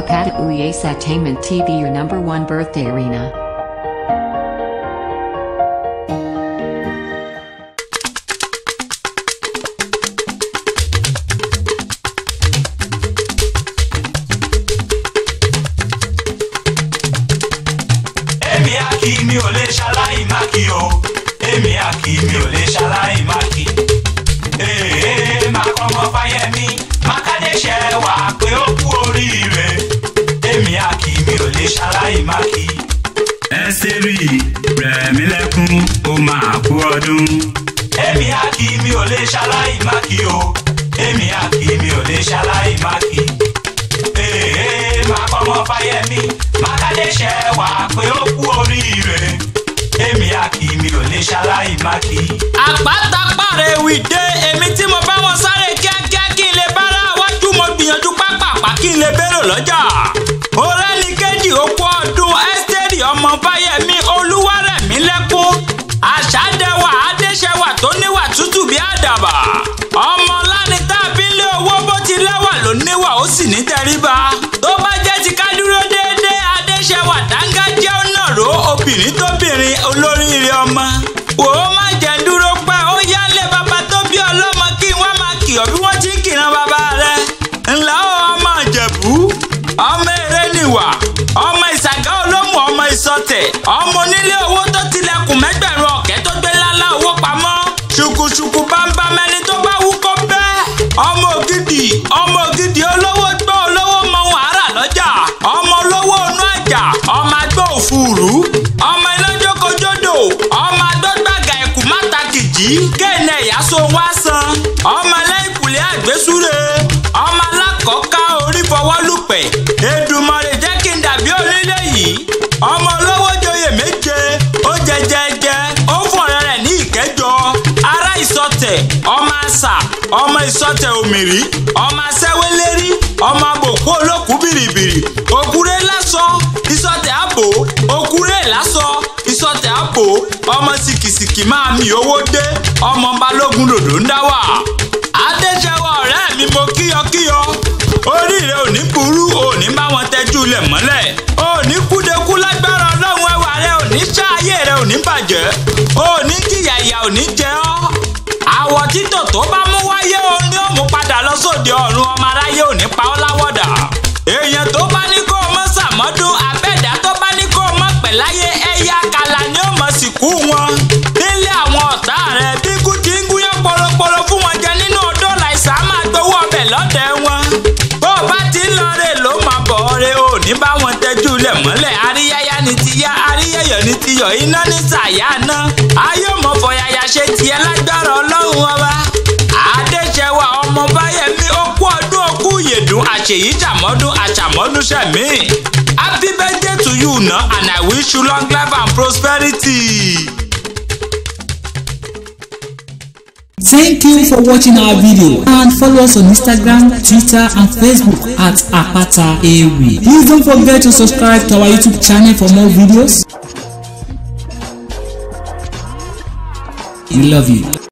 Apataouye Satainment TV your number one birthday arena. kí mi ò lè ṣaláì má kí o èmi ki o mi ò lè ó ṣaláì má kí. ẹsẹ̀rì rẹ̀ mí lẹ́kún ó máa kú ọdún. èmi á mi ò lè ṣaláì má o èmi á mi ò lè ṣaláì má kí. èèyàn máa kọ́ ọmọ fáyẹ́mí mákàdé ṣẹ́ wàá pé ó kú oríire èmi á mi ò lè ṣaláì má àpá tẹríba tó bá jẹ́ ti ká dúró déédéé adéṣẹ́wà dáńgájẹ́ ó nàró obìnrin tóbìnrin olóríire ọmọ wò ó má jẹ́ dúró pẹ́ ó yálé bàbá tó bí ọlọ́mọ kí wọ́n máa kì ọ́ bí wọ́n ti ń kìran bàbá rẹ ńlá ó ọmọ ìjẹ̀bú ọmọ eré nìwà ọmọ ìsàgá olómù ọmọ ìsọtẹ̀ ọmọ onílé owó ìlú ọmọ iná jókòjódò ọmọ agbọ́gbàgà ẹ̀kú mátàkìjì kéènì ẹ̀yà so wá san ọmọ lẹ́yìnkùlé àgbésúre ọmọ alákọ̀ọ́ká orí fọwọ́lùpẹ̀ Èdùmàrè jẹ́ kí n dàbí onílé yìí ọmọ olówó joyè méje ó jẹjẹjẹ ó fún ọ̀rẹ́ rẹ̀ ní ìkẹjọ ará ìsọtẹ̀ ọmọ àṣà ọmọ ìsọtẹ̀ òmìrí ọmọ asẹ́wélérí ọmọ àbòkú olókùú bìrìbìrì òkúrẹ́ lásán ìsọtẹ̀ àbò ọmọ sìkìsìkì máa mi owó dé ọmọ balógun lòdò ń dá wà. adéṣẹ́wọ̀ ọ̀rẹ́ mi mo kíyọkíyọ orí rẹ ò ní burú ò ní bá wọn tẹjú lẹ̀ mọ́lẹ̀ ò ní kúdekú lágbára ọlọ́run ẹwà rẹ ò ní ṣáàyè rẹ ò ní bàjẹ́ ò ní kíyà ìyà ò ní jẹ ọ́ àwọ̀ títọ̀ tó bá mú wáyé òun ni ó mú lọ sóde ọ̀run ọmọ aráyé ò ní pa ọ́ láwọ̀dà. bó o bá ti ń lọrẹ ló máa bọ̀ ọrẹ ò ní bá wọn tẹjú lẹ̀ mọ́lẹ̀ aríyáyá ni ti yá aríyẹ̀yọ̀ ni ti yọ̀ iná ní sàyà náà ayé ò fọyàyà ṣe tiẹ̀ lágbára ọlọ́run ọba àdéṣẹwà ọmọ báyẹmí ó ọdún òkú yèdùn àṣèyí jàmọ́dún àṣàmọ́dún ṣẹ̀mí happy birthday to you na and i wish you long life and prosperity. Thank you for watching our video and follow us on Instagram, Twitter, and Facebook at Apata Ewi. Please don't forget to subscribe to our YouTube channel for more videos. We love you.